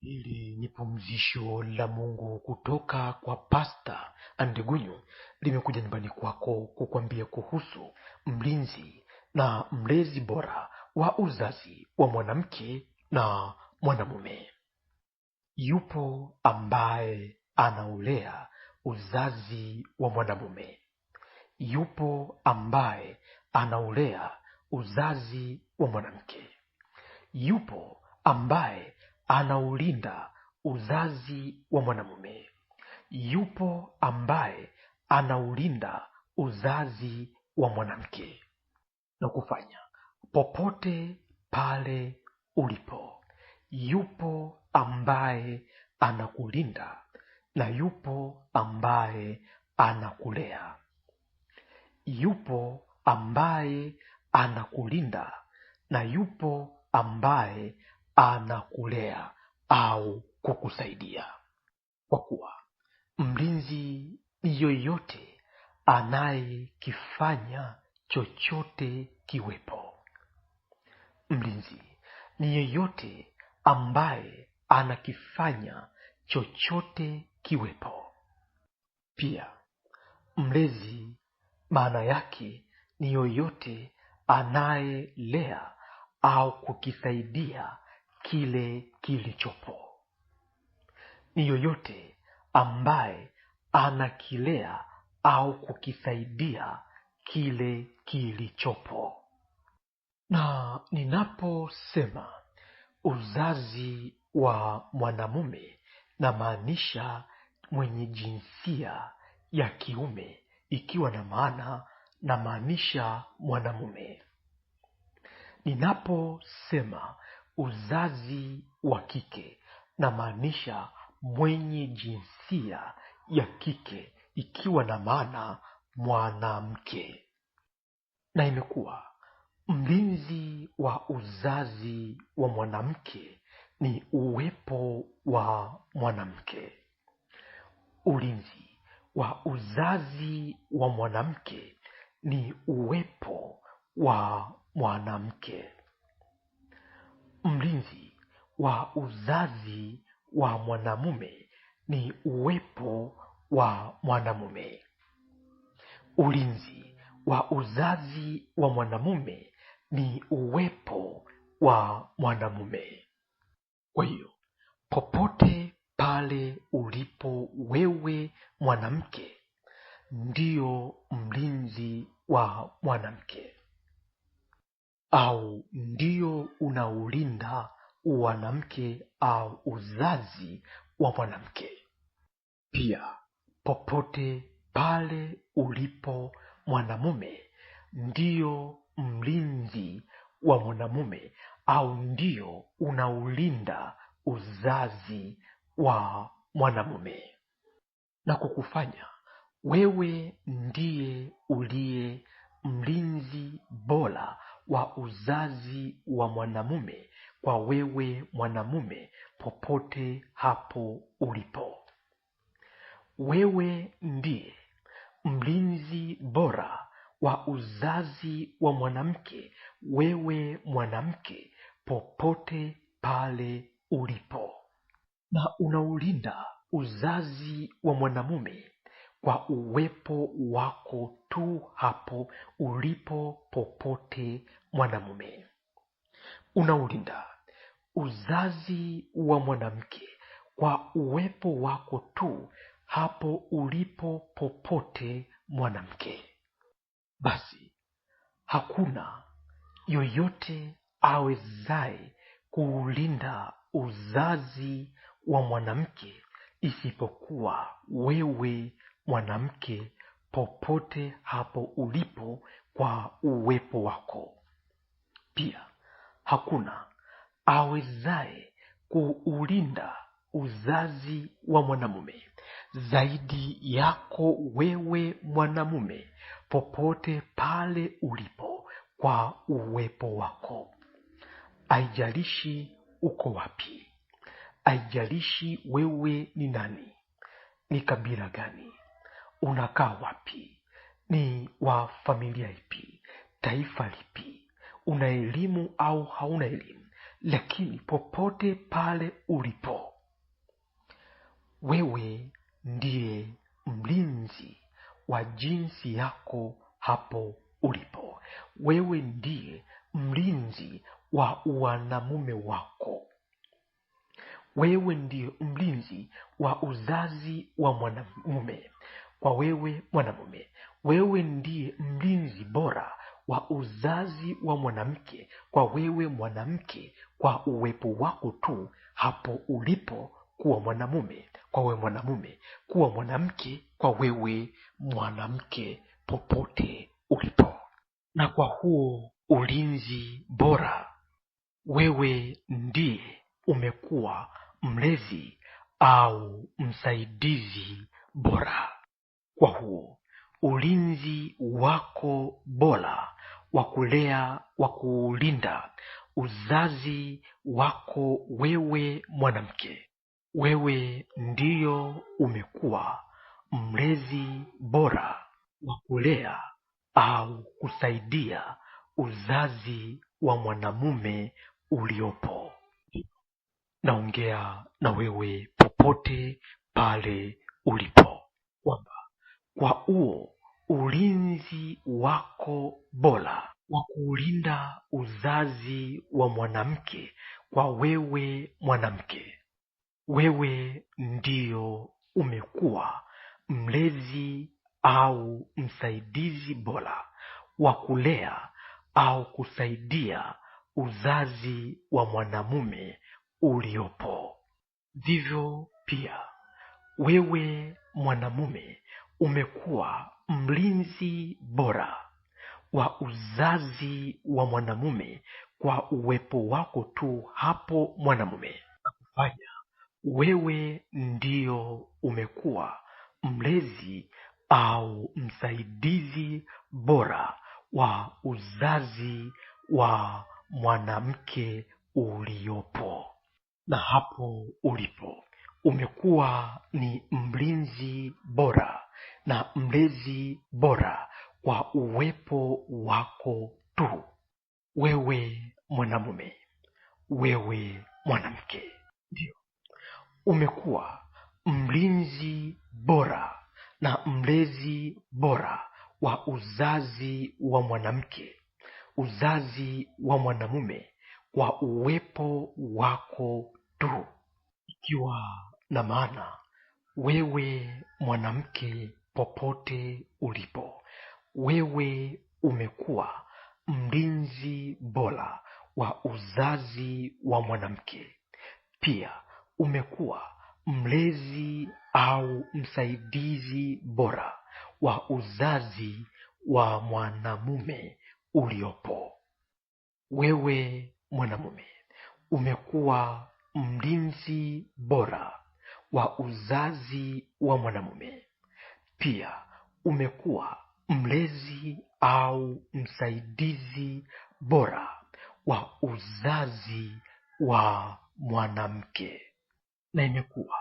Hili ni pumzisho la Mungu kutoka kwa Pasta Andegunyu, limekuja nyumbani kwako kukwambia kuhusu mlinzi na mlezi bora wa uzazi wa mwanamke na mwanamume. Yupo ambaye anaulea uzazi wa mwanamume, yupo ambaye anaulea uzazi wa mwanamke, yupo ambaye anaulinda uzazi wa mwanamume yupo ambaye anaulinda uzazi wa mwanamke na kufanya popote pale ulipo yupo ambaye anakulinda na yupo ambaye anakulea yupo ambaye anakulinda na yupo ambaye anakulea au kukusaidia, kwa kuwa mlinzi yoyote anayekifanya chochote kiwepo, mlinzi ni yeyote ambaye anakifanya chochote kiwepo. Pia mlezi maana yake ni yoyote anayelea au kukisaidia kile kilichopo. Ni yoyote ambaye anakilea au kukisaidia kile kilichopo. Na ninaposema uzazi wa mwanamume, namaanisha mwenye jinsia ya kiume, ikiwa na maana namaanisha mwanamume. Ninaposema uzazi wa kike namaanisha mwenye jinsia ya kike ikiwa na maana mwanamke na imekuwa mlinzi wa uzazi wa mwanamke ni uwepo wa mwanamke ulinzi wa uzazi wa mwanamke ni uwepo wa mwanamke mlinzi wa uzazi wa mwanamume ni uwepo wa mwanamume. Ulinzi wa uzazi wa mwanamume ni uwepo wa mwanamume. Kwa hiyo popote pale ulipo wewe mwanamke, ndiyo mlinzi wa mwanamke au ndio unaulinda wanamke au uzazi wa mwanamke. Pia popote pale ulipo mwanamume ndio mlinzi wa mwanamume au ndio unaulinda uzazi wa mwanamume na kukufanya wewe ndiye uliye mlinzi bora wa uzazi wa mwanamume kwa wewe mwanamume popote hapo ulipo. Wewe ndiye mlinzi bora wa uzazi wa mwanamke, wewe mwanamke, popote pale ulipo, na unaulinda uzazi wa mwanamume kwa uwepo wako tu hapo ulipo popote mwanamume unaulinda uzazi wa mwanamke kwa uwepo wako tu hapo ulipo popote mwanamke basi hakuna yoyote awezaye kuulinda uzazi wa mwanamke isipokuwa wewe mwanamke popote hapo ulipo kwa uwepo wako. Pia hakuna awezaye kuulinda uzazi wa mwanamume zaidi yako wewe mwanamume, popote pale ulipo kwa uwepo wako. Aijalishi uko wapi, aijalishi wewe ni nani, ni kabila gani, unakaa wapi ni wa familia ipi taifa lipi una elimu au hauna elimu lakini popote pale ulipo wewe ndiye mlinzi wa jinsi yako hapo ulipo wewe ndiye mlinzi wa wanamume wako wewe ndiye mlinzi wa uzazi wa mwanamume kwa wewe mwanamume wewe ndiye mlinzi bora wa uzazi wa mwanamke kwa wewe mwanamke kwa uwepo wako tu hapo ulipo kuwa mwanamume kwa wewe mwanamume kuwa mwanamke kwa wewe mwanamke popote ulipo na kwa huo ulinzi bora wewe ndiye umekuwa mlezi au msaidizi bora kwa huo ulinzi wako bora wa kulea wa kuulinda uzazi wako wewe mwanamke wewe ndiyo umekuwa mlezi bora wa kulea au kusaidia uzazi wa mwanamume uliopo naongea na wewe popote pale ulipo kwamba kwa uo ulinzi wako bora wa kuulinda uzazi wa mwanamke kwa wewe mwanamke wewe ndiyo umekuwa mlezi au msaidizi bora wa kulea au kusaidia uzazi wa mwanamume uliopo vivyo pia wewe mwanamume umekuwa mlinzi bora wa uzazi wa mwanamume kwa uwepo wako tu hapo mwanamume kufanya wewe ndio umekuwa mlezi au msaidizi bora wa uzazi wa mwanamke uliopo na hapo ulipo umekuwa ni mlinzi bora na mlezi bora kwa uwepo wako tu wewe mwanamume wewe mwanamke ndio umekuwa mlinzi bora na mlezi bora wa uzazi wa mwanamke uzazi wa mwanamume kwa uwepo wako tu ikiwa na maana wewe mwanamke popote ulipo wewe umekuwa mlinzi bora wa uzazi wa mwanamke pia umekuwa mlezi au msaidizi bora wa uzazi wa mwanamume uliopo wewe mwanamume umekuwa mlinzi bora wa uzazi wa mwanamume pia umekuwa mlezi au msaidizi bora wa uzazi wa mwanamke na imekuwa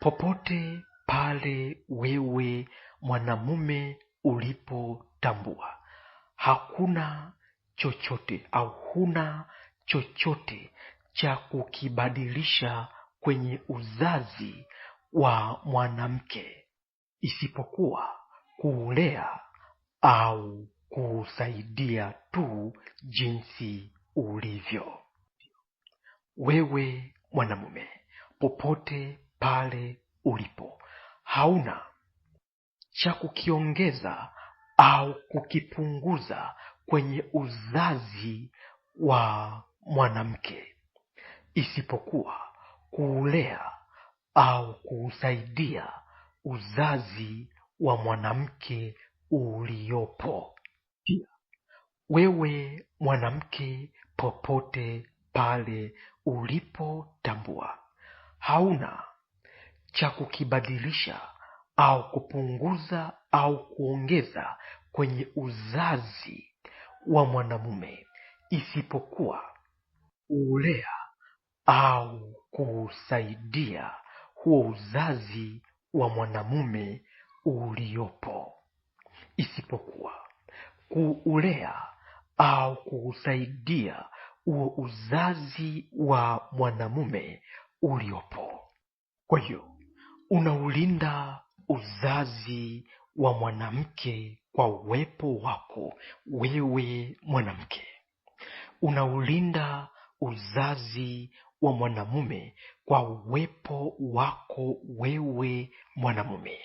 popote pale wewe mwanamume ulipotambua hakuna chochote au huna chochote cha kukibadilisha kwenye uzazi wa mwanamke isipokuwa kuulea au kuusaidia tu jinsi ulivyo wewe mwanamume popote pale ulipo hauna cha kukiongeza au kukipunguza kwenye uzazi wa mwanamke isipokuwa kuulea au kuusaidia uzazi wa mwanamke uliopo. Pia wewe mwanamke, popote pale ulipotambua hauna cha kukibadilisha au kupunguza au kuongeza kwenye uzazi wa mwanamume isipokuwa kuulea au kuusaidia huo uzazi wa mwanamume uliopo, isipokuwa kuulea au kuusaidia huo uzazi wa mwanamume uliopo. Kwa hiyo unaulinda uzazi wa mwanamke kwa uwepo wako wewe mwanamke, unaulinda uzazi wa mwanamume kwa uwepo wako wewe mwanamume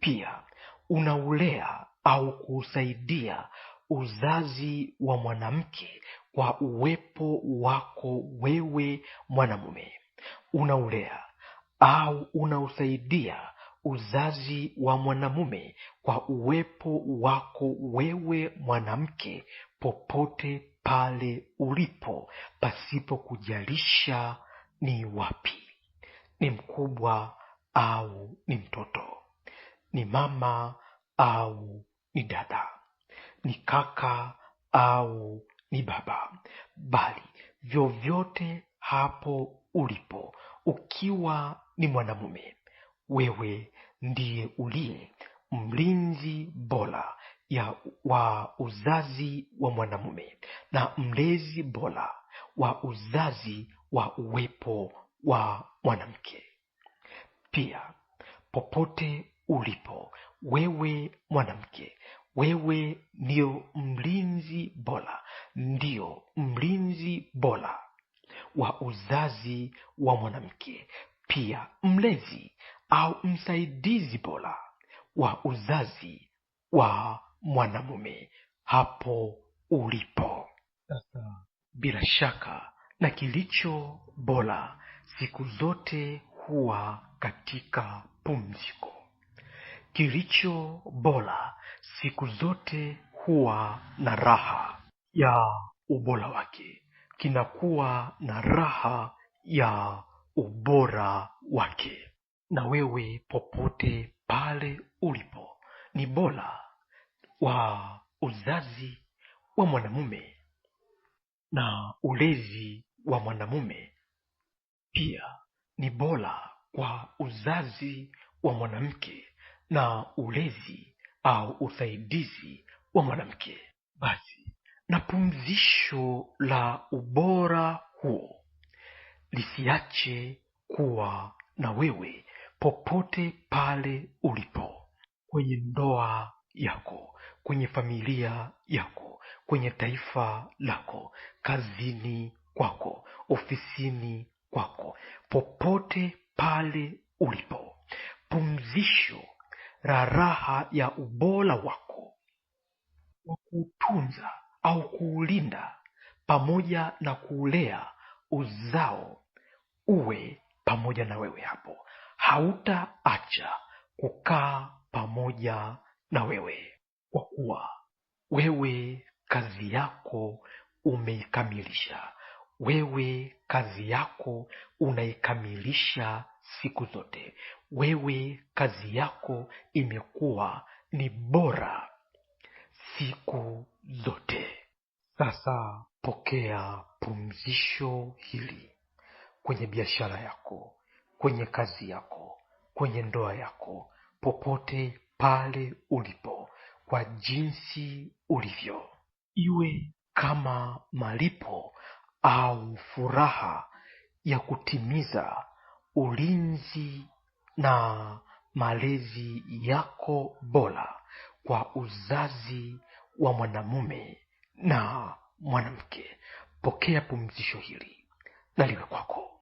pia unaulea au kuusaidia uzazi wa mwanamke kwa uwepo wako wewe mwanamume unaulea au unausaidia uzazi wa mwanamume kwa uwepo wako wewe mwanamke popote pale ulipo pasipo kujalisha ni wapi, ni mkubwa au ni mtoto, ni mama au ni dada, ni kaka au ni baba, bali vyovyote hapo ulipo, ukiwa ni mwanamume, wewe ndiye uliye mlinzi bora ya wa uzazi wa mwanamume na mlezi bora wa uzazi wa uwepo wa mwanamke pia popote ulipo wewe mwanamke wewe ndio mlinzi bora ndio mlinzi bora wa uzazi wa mwanamke pia mlezi au msaidizi bora wa uzazi wa mwanamume hapo ulipo sasa bila shaka na kilicho bora siku zote huwa katika pumziko kilicho bora siku zote huwa na raha ya ubora wake kinakuwa na raha ya ubora wake na wewe popote pale ulipo ni bora wa uzazi wa mwanamume na ulezi wa mwanamume pia ni bora kwa uzazi wa mwanamke na ulezi au usaidizi wa mwanamke basi na pumzisho la ubora huo lisiache kuwa na wewe popote pale ulipo kwenye ndoa yako kwenye familia yako kwenye taifa lako kazini kwako ofisini kwako popote pale ulipo pumzisho la raha ya ubora wako wa kuutunza au kuulinda pamoja na kuulea uzao uwe pamoja na wewe hapo hautaacha kukaa pamoja na wewe, kwa kuwa wewe kazi yako umeikamilisha. Wewe kazi yako unaikamilisha siku zote. Wewe kazi yako imekuwa ni bora siku zote. Sasa pokea pumzisho hili kwenye biashara yako, kwenye kazi yako, kwenye ndoa yako, popote pale ulipo kwa jinsi ulivyo, iwe kama malipo au furaha ya kutimiza ulinzi na malezi yako bora kwa uzazi wa mwanamume na mwanamke. Pokea pumzisho hili na liwe kwako.